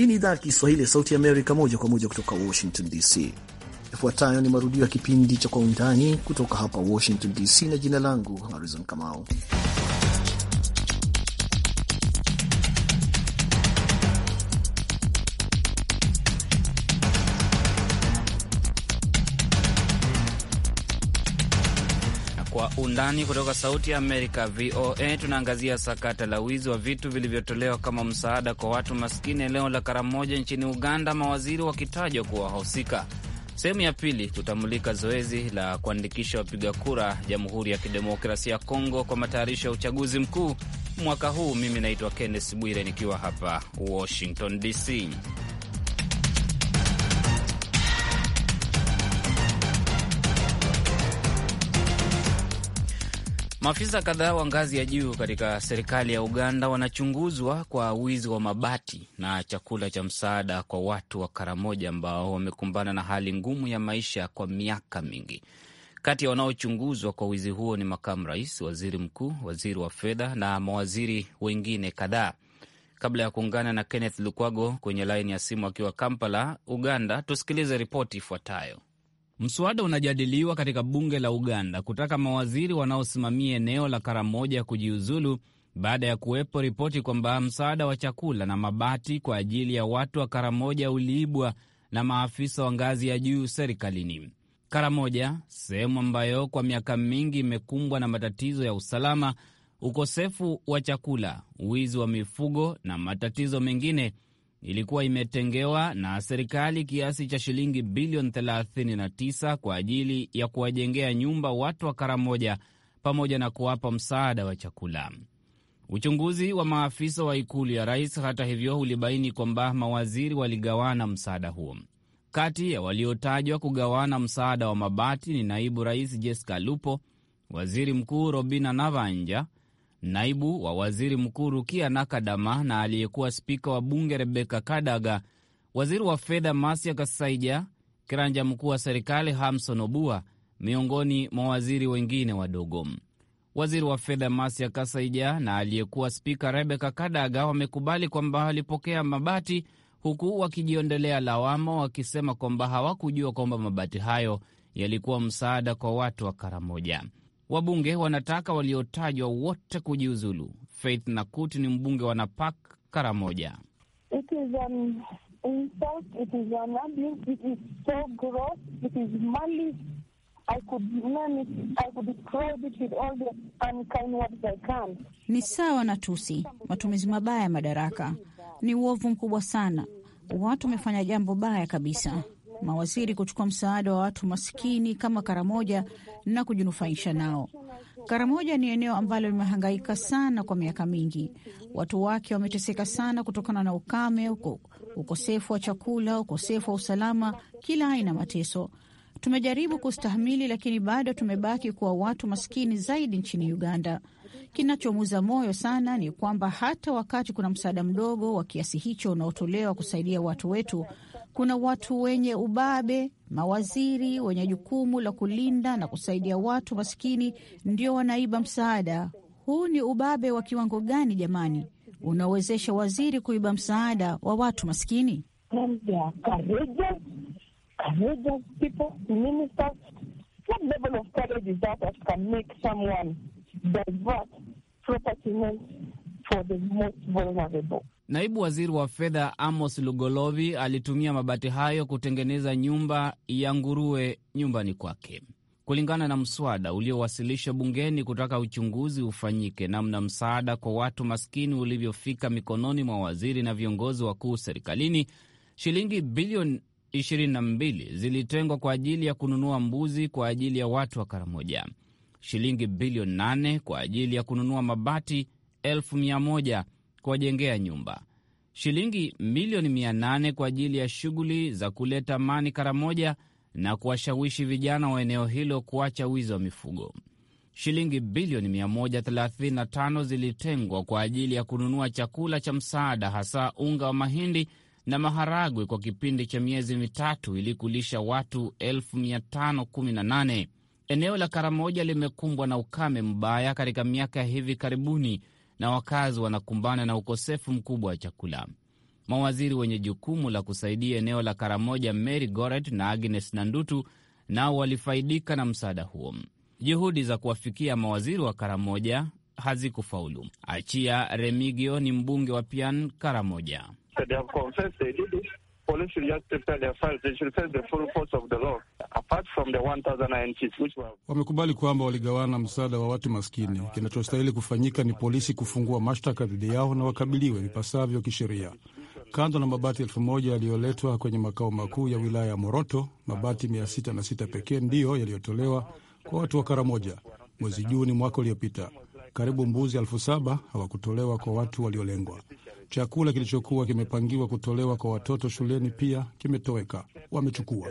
Hii ni idhaa ya Kiswahili ya Sauti Amerika, moja kwa moja kutoka Washington DC. Ifuatayo ni marudio ya kipindi cha Kwa Undani kutoka hapa Washington DC, na jina langu Harizon Kamau. undani kutoka Sauti ya Amerika, VOA. Tunaangazia sakata la wizi wa vitu vilivyotolewa kama msaada kwa watu maskini eneo la Karamoja nchini Uganda, mawaziri wakitajwa kuwa wahusika. Sehemu ya pili tutamulika zoezi la kuandikisha wapiga kura Jamhuri ya Kidemokrasia ya Kongo kwa matayarisho ya uchaguzi mkuu mwaka huu. Mimi naitwa kennes Bwire nikiwa hapa Washington DC. Maafisa kadhaa wa ngazi ya juu katika serikali ya Uganda wanachunguzwa kwa wizi wa mabati na chakula cha msaada kwa watu wa Karamoja ambao wamekumbana na hali ngumu ya maisha kwa miaka mingi. Kati ya wanaochunguzwa kwa wizi huo ni makamu rais, waziri mkuu, waziri wa fedha na mawaziri wengine kadhaa. Kabla ya kuungana na Kenneth Lukwago kwenye laini ya simu akiwa Kampala, Uganda, tusikilize ripoti ifuatayo. Mswada unajadiliwa katika bunge la Uganda kutaka mawaziri wanaosimamia eneo la Karamoja kujiuzulu baada ya kuwepo ripoti kwamba msaada wa chakula na mabati kwa ajili ya watu wa Karamoja uliibwa na maafisa wa ngazi ya juu serikalini. Karamoja, sehemu ambayo kwa miaka mingi imekumbwa na matatizo ya usalama, ukosefu wa chakula, wizi wa mifugo na matatizo mengine ilikuwa imetengewa na serikali kiasi cha shilingi bilioni 39 kwa ajili ya kuwajengea nyumba watu wa Karamoja pamoja na kuwapa msaada wa chakula. Uchunguzi wa maafisa wa ikulu ya rais, hata hivyo, ulibaini kwamba mawaziri waligawana msaada huo. Kati ya waliotajwa kugawana msaada wa mabati ni naibu rais Jessica Lupo, waziri mkuu Robina Navanja, naibu wa waziri mkuu Rukia Nakadama na aliyekuwa spika wa bunge Rebeka Kadaga, waziri wa fedha Masia Kasaija, kiranja mkuu wa serikali Hamson Obua, miongoni mwa waziri wengine wadogo. Waziri wa fedha Masia Kasaija na aliyekuwa spika Rebeka Kadaga wamekubali kwamba walipokea mabati, huku wakijiondelea lawama, wakisema kwamba hawakujua kwamba mabati hayo yalikuwa msaada kwa watu wa Karamoja. Wabunge wanataka waliotajwa wote kujiuzulu. Faith Nakut ni mbunge wa Napak Karamoja. Ni sawa na tusi, matumizi mabaya ya madaraka. Ni uovu mkubwa sana. Watu wamefanya jambo baya kabisa mawaziri kuchukua msaada wa watu maskini kama Karamoja na kujinufaisha nao. Karamoja ni eneo ambalo limehangaika sana kwa miaka mingi. Watu wake wameteseka sana kutokana na ukame, ukosefu wa chakula, ukosefu wa usalama, kila aina mateso. Tumejaribu kustahimili, lakini bado tumebaki kuwa watu maskini zaidi nchini Uganda. Kinachomuza moyo sana ni kwamba hata wakati kuna msaada mdogo wa kiasi hicho unaotolewa kusaidia watu wetu kuna watu wenye ubabe, mawaziri wenye jukumu la kulinda na kusaidia watu maskini ndio wanaiba msaada. Huu ni ubabe wa kiwango gani jamani, unaowezesha waziri kuiba msaada wa watu maskini? Naibu waziri wa fedha Amos Lugolovi alitumia mabati hayo kutengeneza nyumba ya nguruwe nyumbani kwake. Kulingana na mswada uliowasilishwa bungeni kutaka uchunguzi ufanyike namna msaada kwa watu maskini ulivyofika mikononi mwa waziri na viongozi wakuu serikalini, shilingi bilioni 22 zilitengwa kwa ajili ya kununua mbuzi kwa ajili ya watu wa Karamoja, shilingi bilioni 8 kwa ajili ya kununua mabati elfu mia moja kuwajengea nyumba, shilingi milioni 800 kwa ajili ya shughuli za kuleta amani Karamoja na kuwashawishi vijana wa eneo hilo kuacha wizi wa mifugo. Shilingi bilioni 135 zilitengwa kwa ajili ya kununua chakula cha msaada, hasa unga wa mahindi na maharagwe kwa kipindi cha miezi mitatu ili kulisha watu 518 Eneo la Karamoja limekumbwa na ukame mbaya katika miaka ya hivi karibuni na wakazi wanakumbana na ukosefu mkubwa wa chakula. Mawaziri wenye jukumu la kusaidia eneo la Karamoja, Mary Goret na Agnes Nandutu, nao walifaidika na msaada huo. Juhudi za kuwafikia mawaziri wa Karamoja hazikufaulu. Achia Remigio ni mbunge wa Pian Karamoja police should just prepare their files. They should face the full force of the law apart from the 1000 INTs which were... Wamekubali kwamba waligawana msaada wa watu maskini. Kinachostahili kufanyika ni polisi kufungua mashtaka dhidi yao na wakabiliwe vipasavyo kisheria. Kando na mabati elfu moja yaliyoletwa kwenye makao makuu ya wilaya ya Moroto, mabati mia sita na sita pekee ndiyo yaliyotolewa kwa watu wa Karamoja mwezi Juni mwaka uliopita. Karibu mbuzi elfu saba hawakutolewa kwa watu waliolengwa. Chakula kilichokuwa kimepangiwa kutolewa kwa watoto shuleni pia kimetoweka, wamechukua.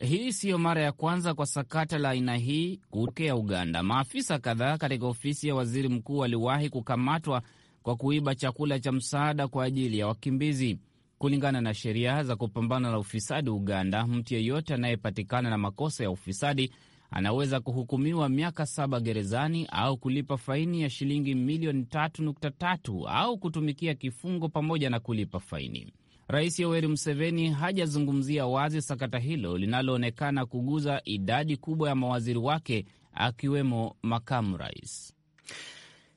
Eh, hii siyo mara ya kwanza kwa sakata la aina hii kutokea Uganda. Maafisa kadhaa katika ofisi ya waziri mkuu waliwahi kukamatwa kwa kuiba chakula cha msaada kwa ajili ya wakimbizi. Kulingana na sheria za kupambana na ufisadi Uganda, mtu yeyote anayepatikana na makosa ya ufisadi anaweza kuhukumiwa miaka saba gerezani au kulipa faini ya shilingi milioni 3.3 au kutumikia kifungo pamoja na kulipa faini. Rais Yoweri Museveni hajazungumzia wazi sakata hilo linaloonekana kuguza idadi kubwa ya mawaziri wake akiwemo makamu rais.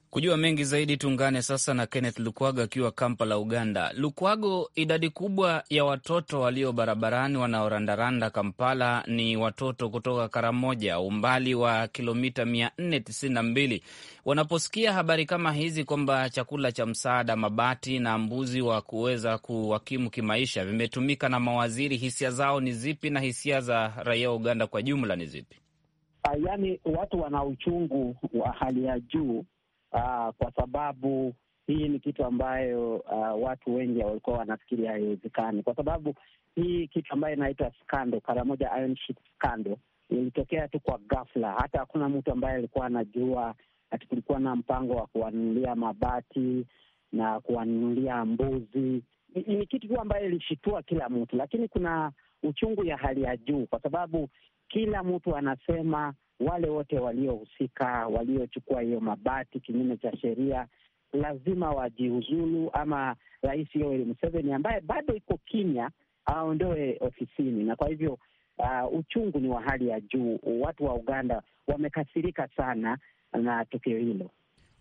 Kujua mengi zaidi tuungane sasa na Kenneth Lukwago akiwa Kampala, Uganda. Lukwago, idadi kubwa ya watoto walio barabarani wanaorandaranda Kampala ni watoto kutoka Karamoja, umbali wa kilomita 492. Wanaposikia habari kama hizi kwamba chakula cha msaada, mabati na mbuzi wa kuweza kuwakimu kimaisha vimetumika na mawaziri, hisia zao ni zipi na hisia za raia wa Uganda kwa jumla ni zipi? Yaani watu wana uchungu wa hali ya juu aa, ah, kwa sababu hii ni kitu ambayo uh, watu wengi walikuwa wanafikiria haiwezekani, kwa sababu hii kitu ambayo inaitwa skando, Karamoja Iron Sheik skando ilitokea tu kwa ghafla, hata hakuna mtu ambaye alikuwa anajua ati kulikuwa na mpango wa kuwanunulia mabati na kuwanunulia mbuzi. Ni kitu tu ambayo ilishitua kila mtu, lakini kuna uchungu ya hali ya juu, kwa sababu kila mtu anasema wale wote waliohusika, waliochukua hiyo mabati kinyume cha sheria lazima wajiuzulu, ama Rais Yoweri Museveni ambaye bado iko kimya aondoe ofisini. Na kwa hivyo uh, uchungu ni wa hali ya juu. Watu wa Uganda wamekasirika sana na tukio hilo.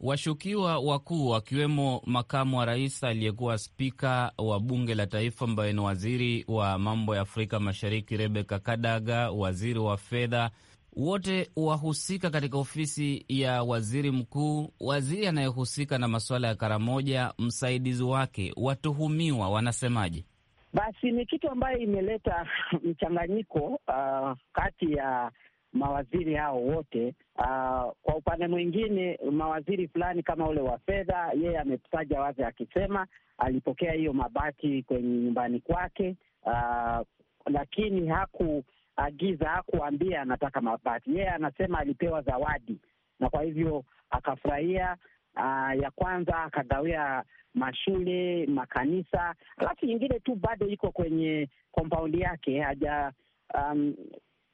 Washukiwa wakuu wakiwemo makamu wa rais, aliyekuwa spika wa bunge la taifa ambaye ni waziri wa mambo ya Afrika Mashariki rebeka Kadaga, waziri wa fedha wote wahusika katika ofisi ya waziri mkuu, waziri anayehusika na masuala ya Karamoja, msaidizi wake, watuhumiwa wanasemaje? Basi ni kitu ambayo imeleta mchanganyiko uh, kati ya mawaziri hao wote uh, kwa upande mwingine, mawaziri fulani kama ule wa fedha, yeye ametaja wazi akisema alipokea hiyo mabati kwenye nyumbani kwake, uh, lakini haku agiza uh, hakuambia anataka mabati, yeye anasema alipewa zawadi, na kwa hivyo akafurahia. Uh, ya kwanza akagawia mashule, makanisa, alafu nyingine tu bado iko kwenye kompaundi yake haja um,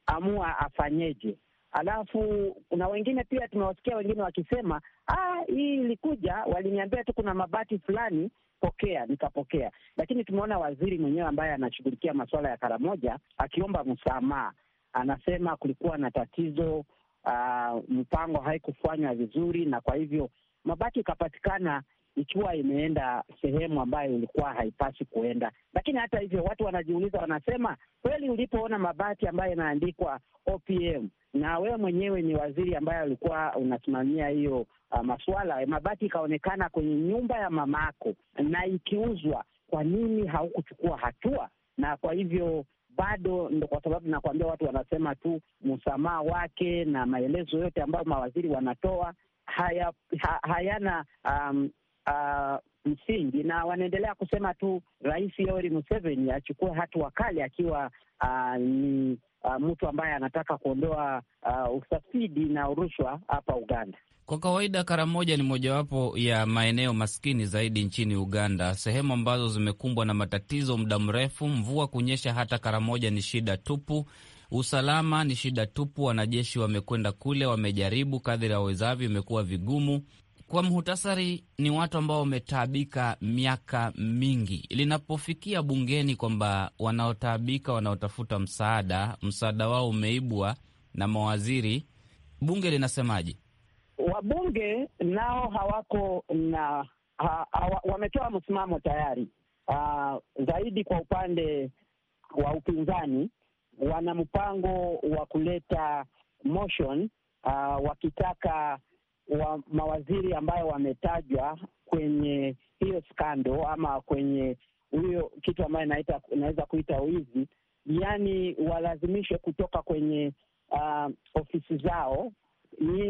amua afanyeje. Alafu kuna wengine pia tumewasikia wengine wakisema ah, hii ilikuja, waliniambia tu kuna mabati fulani pokea nikapokea, lakini tumeona waziri mwenyewe ambaye anashughulikia masuala ya Karamoja akiomba msamaha, anasema kulikuwa na tatizo uh, mpango haikufanywa vizuri, na kwa hivyo mabaki ikapatikana ikiwa imeenda sehemu ambayo ilikuwa haipasi kuenda. Lakini hata hivyo, watu wanajiuliza, wanasema kweli, ulipoona mabati ambayo inaandikwa OPM na wewe mwenyewe ni waziri ambaye alikuwa unasimamia hiyo uh, masuala mabati ikaonekana kwenye nyumba ya mamako na ikiuzwa, kwa nini haukuchukua hatua? Na kwa hivyo bado ndo kwa sababu nakuambia, watu wanasema tu msamaha wake na maelezo yote ambayo mawaziri wanatoa haya, ha, hayana um, uh, msingi na wanaendelea kusema tu Rais Yoweri Museveni achukue hatua kali akiwa uh, ni uh, mtu ambaye anataka kuondoa uh, ufisadi na rushwa hapa Uganda. Kwa kawaida Karamoja ni mojawapo ya maeneo maskini zaidi nchini Uganda, sehemu ambazo zimekumbwa na matatizo muda mrefu. Mvua kunyesha hata Karamoja ni shida tupu, usalama ni shida tupu. Wanajeshi wamekwenda kule, wamejaribu kadhiri awezavyo, imekuwa vigumu. Kwa muhtasari, ni watu ambao wametaabika miaka mingi. Linapofikia bungeni kwamba wanaotaabika, wanaotafuta msaada, msaada wao umeibwa na mawaziri, bunge linasemaje? wabunge nao hawako na ha, ha, wametoa msimamo tayari. ha, ah, zaidi kwa upande wa upinzani wana mpango wa kuleta motion uh, wakitaka wa mawaziri ambayo wametajwa kwenye hiyo skando ama kwenye huyo kitu ambayo inaweza naweza kuita wizi, yaani walazimishwe kutoka kwenye uh, ofisi zao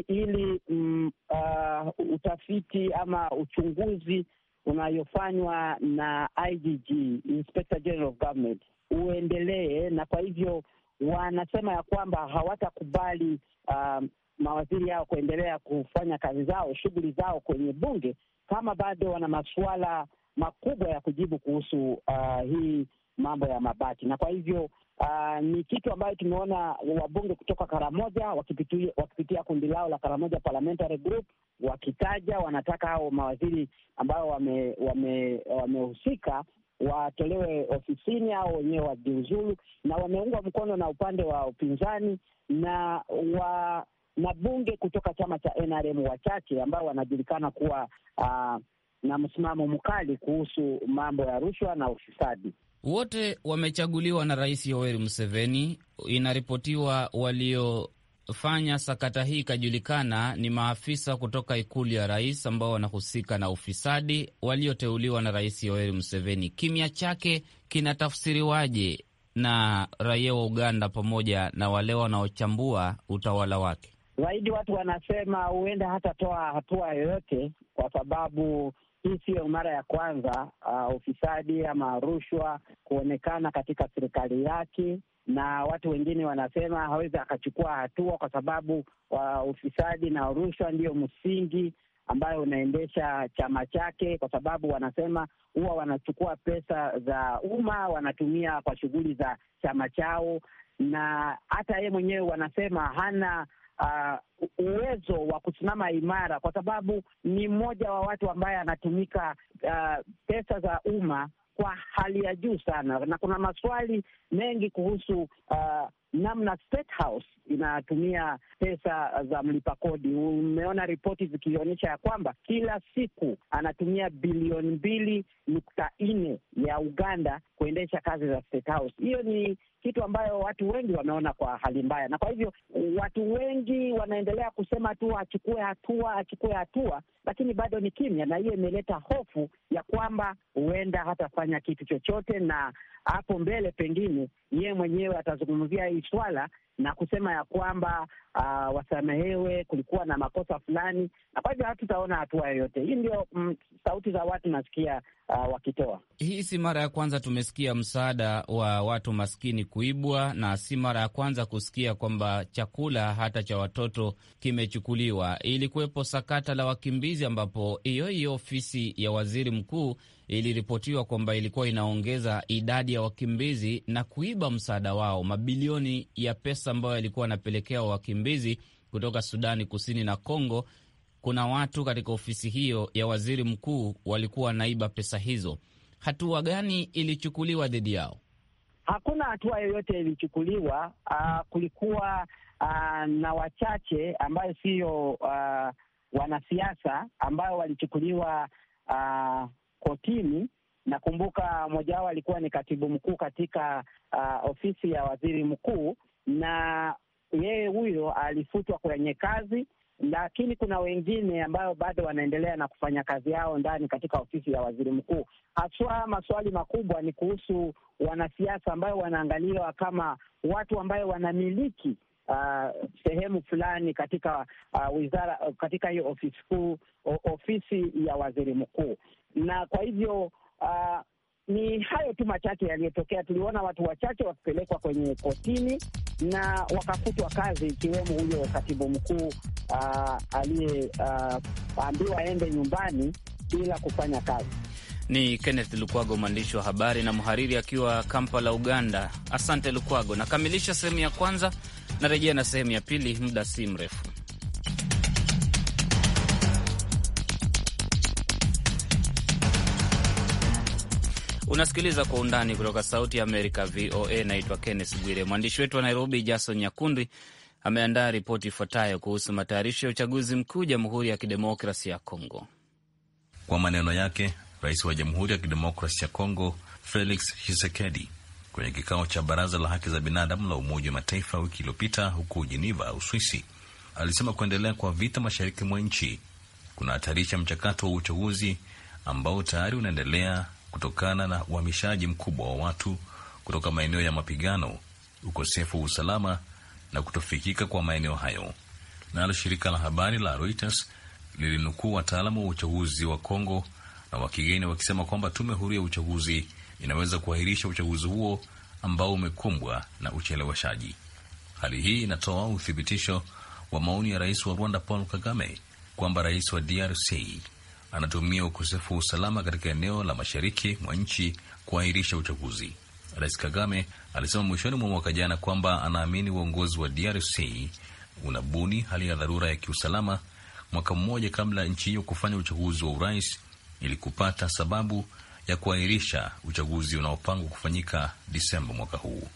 ili mm, uh, utafiti ama uchunguzi unayofanywa na IGG, Inspector General of Government, uendelee, na kwa hivyo wanasema ya kwamba hawatakubali um, mawaziri yao kuendelea kufanya kazi zao, shughuli zao kwenye bunge kama bado wana masuala makubwa ya kujibu kuhusu uh, hii mambo ya mabaki, na kwa hivyo uh, ni kitu ambayo tumeona wabunge kutoka Karamoja wakipitia, wakipitia kundi lao la Karamoja Parliamentary Group wakitaja wanataka hao mawaziri ambao wamehusika wame, wame watolewe ofisini au wenyewe wajiuzulu, na wameungwa mkono na upande wa upinzani na wa na bunge kutoka chama cha NRM wachache ambao wanajulikana kuwa uh, na msimamo mkali kuhusu mambo ya rushwa na ufisadi. Wote wamechaguliwa na Rais Yoweri Museveni. Inaripotiwa waliofanya sakata hii ikajulikana ni maafisa kutoka ikulu ya rais ambao wanahusika na ufisadi walioteuliwa na Rais Yoweri Museveni. Kimya chake kinatafsiriwaje na raia wa Uganda pamoja na wale wanaochambua utawala wake? Zaidi watu wanasema huenda hatatoa hatua yoyote kwa sababu hii siyo mara ya kwanza uh, ufisadi ama rushwa kuonekana katika serikali yake, na watu wengine wanasema hawezi akachukua hatua kwa sababu uh, ufisadi na rushwa ndiyo msingi ambayo unaendesha chama chake, kwa sababu wanasema huwa wanachukua pesa za umma wanatumia kwa shughuli za chama chao, na hata yeye mwenyewe wanasema hana uh, uwezo wa kusimama imara, kwa sababu ni mmoja wa watu ambaye anatumika uh, pesa za umma kwa hali ya juu sana, na kuna maswali mengi kuhusu uh, namna State House inatumia pesa za mlipa kodi. Umeona ripoti zikionyesha ya kwamba kila siku anatumia bilioni mbili nukta nne ya Uganda kuendesha kazi za State House. Hiyo ni kitu ambayo watu wengi wameona kwa hali mbaya, na kwa hivyo watu wengi wanaendelea kusema tu achukue hatua, achukue hatua, lakini bado ni kimya, na hiyo imeleta hofu ya kwamba huenda hatafanya kitu chochote, na hapo mbele pengine yeye mwenyewe atazungumzia hii swala na kusema ya kwamba uh, wasamehewe, kulikuwa na makosa fulani, na kwa hivyo hatutaona hatua yoyote. Hii ndio mm, sauti za watu nasikia uh, wakitoa. Hii si mara ya kwanza tumesikia msaada wa watu maskini kuibwa, na si mara ya kwanza kusikia kwamba chakula hata cha watoto kimechukuliwa. Ilikuwepo sakata la wakimbizi, ambapo hiyo hiyo ofisi ya waziri mkuu iliripotiwa kwamba ilikuwa inaongeza idadi ya wakimbizi na kuiba msaada wao, mabilioni ya pesa ambayo yalikuwa yanapelekea wakimbizi kutoka Sudani Kusini na Kongo kuna watu katika ofisi hiyo ya waziri mkuu walikuwa wanaiba pesa hizo. Hatua gani ilichukuliwa dhidi yao? Hakuna hatua yoyote ilichukuliwa. Uh, kulikuwa uh, na wachache ambayo siyo uh, wanasiasa ambayo walichukuliwa uh, kotini. Nakumbuka mmoja wao alikuwa ni katibu mkuu katika uh, ofisi ya waziri mkuu, na yeye huyo alifutwa kwenye kazi lakini kuna wengine ambao bado wanaendelea na kufanya kazi yao ndani katika ofisi ya waziri mkuu. Haswa maswali makubwa ni kuhusu wanasiasa ambayo wanaangaliwa kama watu ambayo wanamiliki Uh, sehemu fulani katika uh, wizara katika hiyo ofisi kuu ofisi ya waziri mkuu. Na kwa hivyo uh, ni hayo tu machache yaliyotokea. Tuliona watu wachache wakipelekwa kwenye kotini na wakafutwa kazi, ikiwemo huyo katibu mkuu ah, aliyeambiwa ah, aende nyumbani bila kufanya kazi. Ni Kenneth Lukwago, mwandishi wa habari na mhariri, akiwa Kampala, Uganda. Asante Lukwago. Nakamilisha sehemu ya kwanza, narejea na sehemu ya pili muda si mrefu. Unasikiliza kwa undani kutoka Sauti ya Amerika, VOA. Naitwa Kenneth Bwire. Mwandishi wetu wa Nairobi, Jason Nyakundi, ameandaa ripoti ifuatayo kuhusu matayarisho ya uchaguzi mkuu Jamhuri ya Kidemokrasi ya Kongo. Kwa maneno yake, rais wa Jamhuri ya Kidemokrasi ya Kongo Felix Tshisekedi kwenye kikao cha Baraza la Haki za Binadamu la Umoja wa Mataifa wiki iliyopita huko Geneva, Uswisi, alisema kuendelea kwa vita mashariki mwa nchi kunahatarisha mchakato wa uchaguzi ambao tayari unaendelea kutokana na uhamishaji mkubwa wa watu kutoka maeneo ya mapigano, ukosefu wa usalama na kutofikika kwa maeneo hayo. Nalo shirika la habari la Reuters lilinukuu wataalamu wa uchaguzi wa Kongo na wa kigeni wakisema kwamba tume huru ya uchaguzi inaweza kuahirisha uchaguzi huo ambao umekumbwa na ucheleweshaji. Hali hii inatoa uthibitisho wa maoni ya rais wa Rwanda Paul Kagame kwamba rais wa DRC anatumia ukosefu wa usalama katika eneo la mashariki mwa nchi kuahirisha uchaguzi. Rais Kagame alisema mwishoni mwa mwaka jana kwamba anaamini uongozi wa DRC unabuni hali ya dharura ya kiusalama mwaka mmoja kabla nchi hiyo kufanya uchaguzi wa urais ili kupata sababu ya kuahirisha uchaguzi unaopangwa kufanyika Disemba mwaka huu.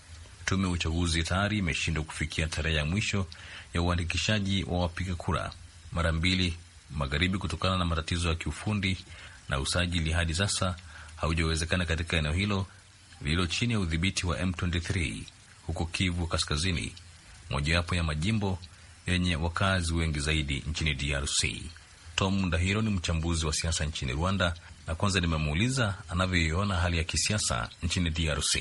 Tume ya uchaguzi tayari imeshindwa kufikia tarehe ya mwisho ya uandikishaji wa wapiga kura mara mbili magharibi kutokana na matatizo ya kiufundi na usajili hadi sasa haujawezekana katika eneo hilo lililo chini ya udhibiti wa M23 huko Kivu Kaskazini, mojawapo ya majimbo yenye wakazi wengi zaidi nchini DRC. Tom Ndahiro ni mchambuzi wa siasa nchini Rwanda, na kwanza nimemuuliza anavyoiona hali ya kisiasa nchini DRC.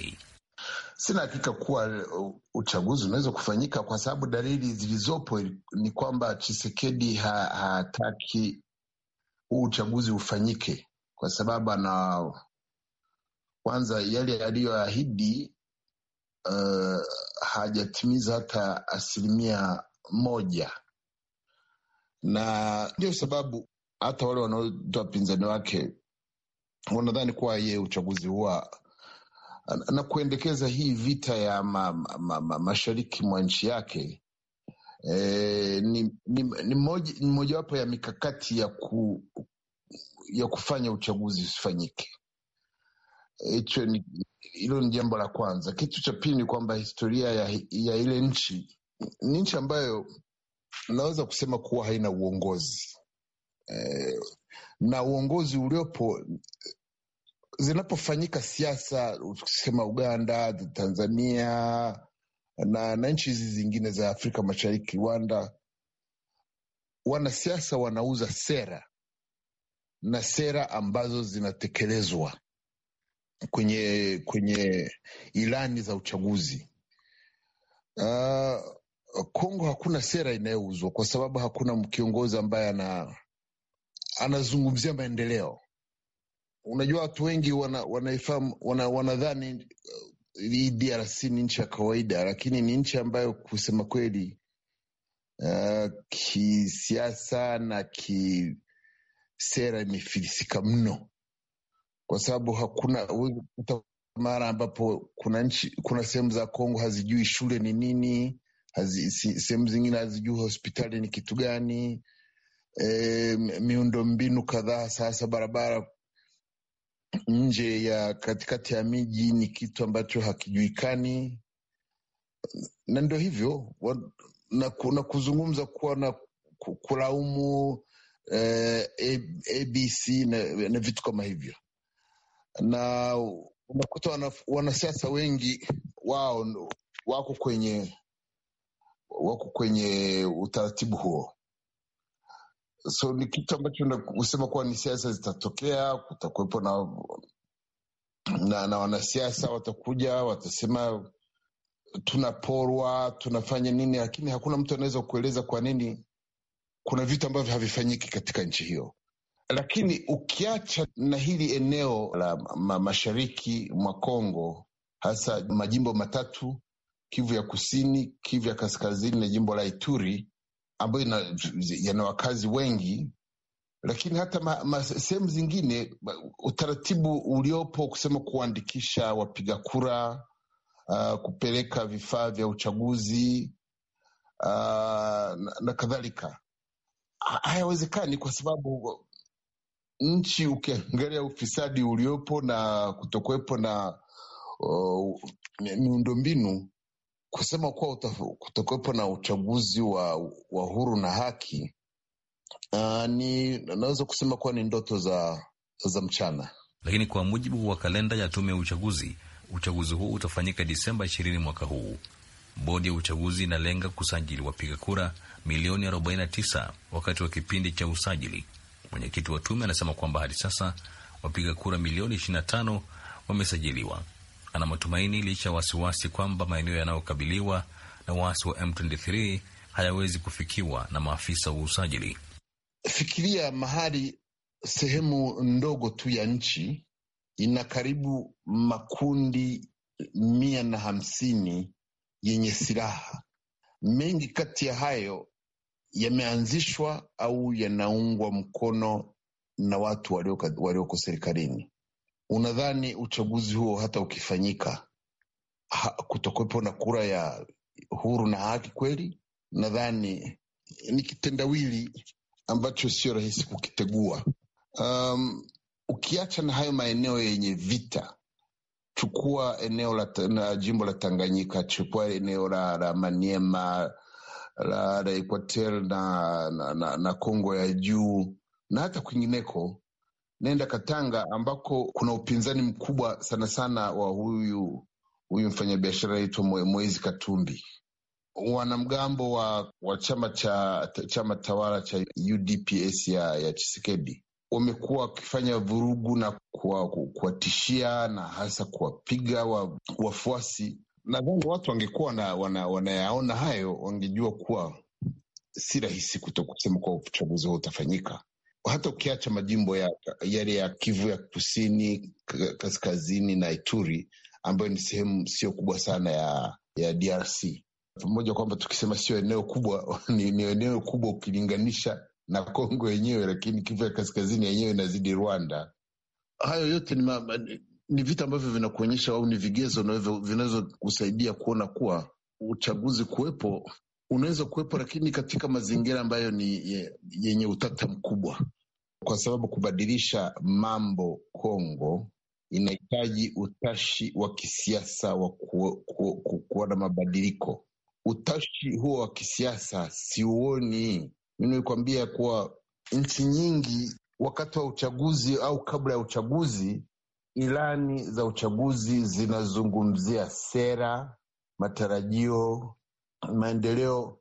Sina hakika kuwa uh, uchaguzi unaweza kufanyika kwa sababu dalili zilizopo ni kwamba Chisekedi hataki ha huu uchaguzi ufanyike, kwa sababu ana kwanza yale yaliyoahidi uh, hajatimiza hata asilimia moja, na ndio sababu hata wale wanaotoa pinzani wake wanadhani kuwa yeye uchaguzi huwa na kuendekeza hii vita ya ma, ma, ma, mashariki mwa nchi yake e, ni, ni, ni mojawapo ya mikakati ya, ku, ya kufanya uchaguzi usifanyike. Hicho ni hilo ni jambo la kwanza. Kitu cha pili ni kwamba historia ya, ya ile nchi ni nchi ambayo naweza kusema kuwa haina uongozi e, na uongozi uliopo zinapofanyika siasa, ukisema Uganda, Tanzania na, na nchi hizi zingine za Afrika Mashariki, Rwanda, wanasiasa wanauza sera na sera ambazo zinatekelezwa kwenye kwenye ilani za uchaguzi. Uh, Kongo hakuna sera inayouzwa kwa sababu hakuna kiongozi ambaye ana anazungumzia maendeleo unajua watu wengi wanaifahamu wana wanadhani wana uh, hii uh, DRC ni nchi ya kawaida, lakini ni nchi ambayo kusema kweli uh, kisiasa na kisera imefilisika mno, kwa sababu hakuna mara ambapo kuna nchi kuna sehemu za Kongo hazijui shule ni nini, sehemu zingine hazijui hospitali ni kitu gani, e, eh, miundo mbinu kadhaa, sasa barabara nje ya katikati ya miji ni kitu ambacho hakijuikani, na ndio hivyo na, na kuzungumza kuwa na kulaumu eh, ABC na, na vitu kama hivyo, na unakuta wanasiasa wengi wao wako kwenye wako kwenye utaratibu huo so ni kitu ambacho nakusema kuwa ni siasa zitatokea, kutakuwepo na, na, na wanasiasa watakuja watasema tunaporwa tunafanya nini, lakini hakuna mtu anaweza kueleza kwa nini kuna vitu ambavyo havifanyiki katika nchi hiyo. Lakini ukiacha na hili eneo la ma mashariki mwa Kongo, hasa majimbo matatu Kivu ya Kusini, Kivu ya Kaskazini na jimbo la Ituri, ambayo yana wakazi wengi, lakini hata sehemu zingine utaratibu uliopo kusema kuandikisha wapiga kura, uh, kupeleka vifaa vya uchaguzi uh, na, na kadhalika hayawezekani kwa sababu nchi ukiangalia ufisadi uliopo na kutokuwepo na oh, miundombinu kusema kuwa kutakuwepo na uchaguzi wa, wa huru na haki uh, ni naweza kusema kuwa ni ndoto za, za mchana, lakini kwa mujibu wa kalenda ya tume ya uchaguzi, uchaguzi huu utafanyika Disemba ishirini mwaka huu. Bodi ya uchaguzi inalenga kusajili wapiga kura milioni 49 wakati wa kipindi cha usajili. Mwenyekiti wa tume anasema kwamba hadi sasa wapiga kura milioni 25 wamesajiliwa ana matumaini licha ya wasiwasi kwamba maeneo yanayokabiliwa na waasi wa M23 hayawezi kufikiwa na maafisa wa usajili. Fikiria mahali sehemu ndogo tu ya nchi ina karibu makundi mia na hamsini yenye silaha. Mengi kati ya hayo yameanzishwa au yanaungwa mkono na watu walioko serikalini unadhani uchaguzi huo hata ukifanyika ha, kutokuwepo na kura ya huru na haki kweli? Nadhani ni kitendawili ambacho sio rahisi kukitegua. Um, ukiacha na hayo maeneo yenye vita, chukua eneo la, na jimbo la Tanganyika, chukua eneo la, la Maniema la, la Equateur na, na, na, na Kongo ya juu na hata kwingineko naenda Katanga ambako kuna upinzani mkubwa sana sana wa huyu huyu mfanyabiashara aitwa mwezi Katumbi. Wanamgambo wa, wa chama cha chama tawala cha UDPS ya, ya Chisekedi wamekuwa wakifanya vurugu na kuwatishia na hasa kuwapiga wafuasi. Nadhani watu wangekuwa wana, wanayaona hayo wangejua kuwa si rahisi kuto kusema kuwa uchaguzi huo utafanyika hata ukiacha majimbo ya yale ya Kivu ya kusini kaskazini na Ituri ambayo ni sehemu sio kubwa sana ya ya DRC, pamoja kwamba tukisema sio eneo kubwa ni, ni eneo kubwa ukilinganisha na Kongo yenyewe, lakini Kivu ya kaskazini yenyewe inazidi Rwanda. Hayo yote ni, ma, ni, ni vitu ambavyo vinakuonyesha au ni vigezo vinavyokusaidia kuona kuwa uchaguzi kuwepo unaweza kuwepo, lakini katika mazingira ambayo ni yenye utata mkubwa kwa sababu kubadilisha mambo Kongo inahitaji utashi wa kisiasa wa kuona ku, ku, ku, mabadiliko. Utashi huo wa kisiasa siuoni. Mi nikwambia kuwa nchi nyingi wakati wa uchaguzi au kabla ya uchaguzi, ilani za uchaguzi zinazungumzia sera, matarajio, maendeleo,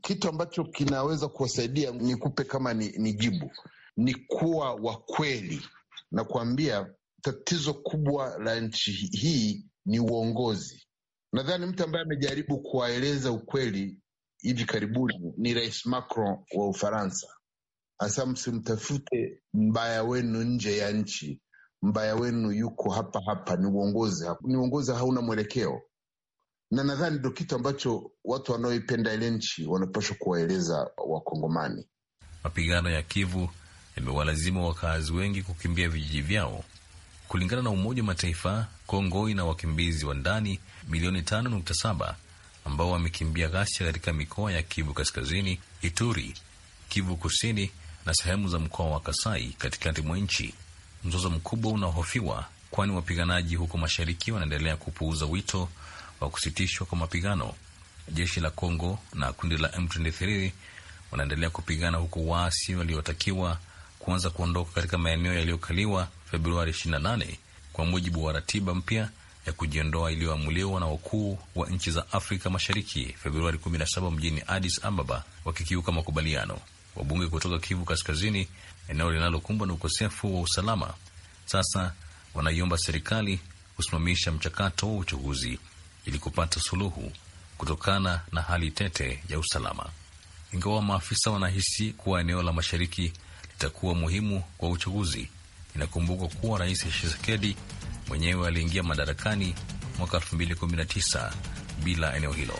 kitu ambacho kinaweza kuwasaidia. Nikupe kama ni, ni jibu ni kuwa wa kweli na kuambia tatizo kubwa la nchi hii ni uongozi. Nadhani mtu ambaye amejaribu kuwaeleza ukweli hivi karibuni ni Rais Macron wa Ufaransa, hasa msimtafute mbaya wenu nje ya nchi, mbaya wenu yuko hapa hapa. Ni uongozi, ni uongozi hauna mwelekeo, na nadhani ndo kitu ambacho watu wanaoipenda ile nchi wanapashwa kuwaeleza Wakongomani. Mapigano ya Kivu imewalazima wakazi wengi kukimbia vijiji vyao. Kulingana na Umoja wa Mataifa, Kongo ina wakimbizi wa ndani milioni 5.7 ambao wamekimbia ghasia katika mikoa ya Kivu Kaskazini, Ituri, Kivu Kusini na sehemu za mkoa wa Kasai katikati mwa nchi. Mzozo mkubwa unaohofiwa, kwani wapiganaji huko mashariki wanaendelea kupuuza wito wa kusitishwa kwa mapigano. Jeshi la Kongo na kundi la M23 wanaendelea kupigana huku waasi waliotakiwa kuanza kuondoka katika maeneo yaliyokaliwa Februari 28 kwa mujibu wa ratiba mpya ya kujiondoa iliyoamuliwa na wakuu wa nchi za Afrika Mashariki Februari 17 mjini Addis Ababa, wakikiuka makubaliano. Wabunge kutoka Kivu Kaskazini, eneo linalokumbwa na ukosefu wa usalama, sasa wanaiomba serikali kusimamisha mchakato wa uchaguzi ili kupata suluhu kutokana na hali tete ya usalama. Ingawa maafisa wanahisi kuwa eneo la mashariki itakuwa muhimu kwa uchaguzi. Inakumbukwa kuwa Rais Tshisekedi mwenyewe aliingia madarakani mwaka 2019 bila eneo hilo.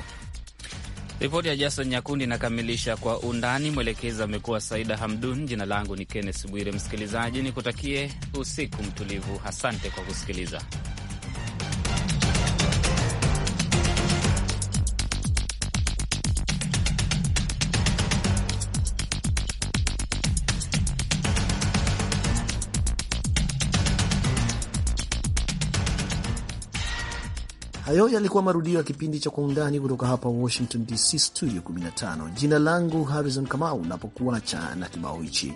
Ripoti ya Jason Nyakundi inakamilisha kwa undani. Mwelekezi amekuwa Saida Hamdun. Jina langu ni Kenneth Bwire. Msikilizaji, nikutakie usiku mtulivu. Asante kwa kusikiliza. Hayo yalikuwa marudio ya kipindi cha Kwa Undani kutoka hapa Washington DC, studio 15. Jina langu Harrison Kamau, napokuacha na kibao hichi.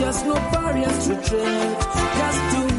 just no barriers to trade. Just do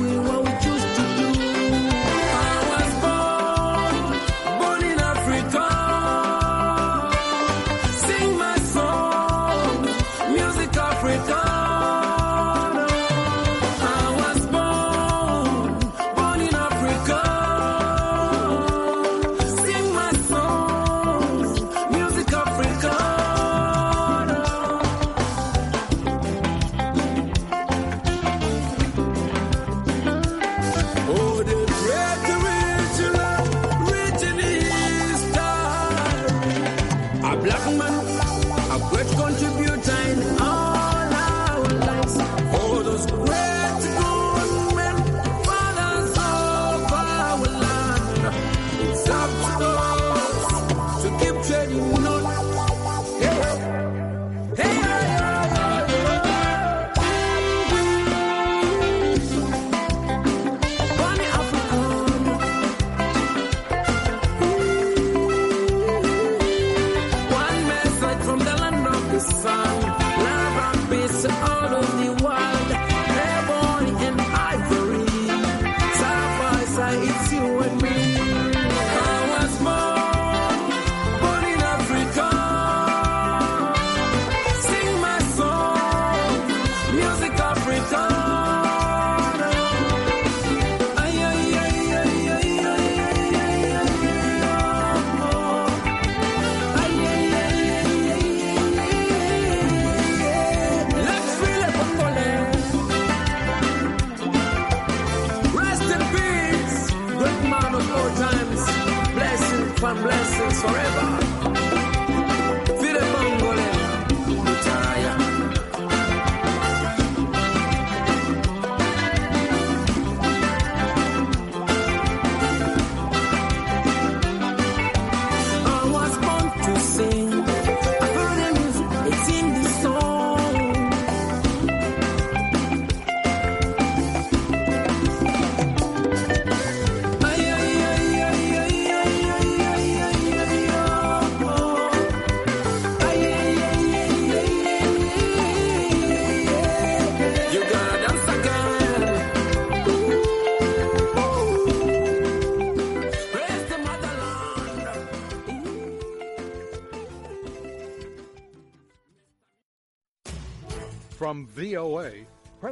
forever.